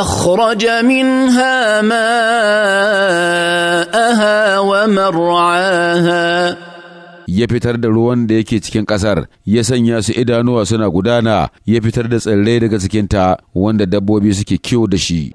أخرج منها ماءها ومرعاها ya fitar da ruwan da yake cikin ƙasar ya sanya su idanuwa suna gudana ya fitar da tsirrai daga cikin ta wanda dabbobi suke kiwo da shi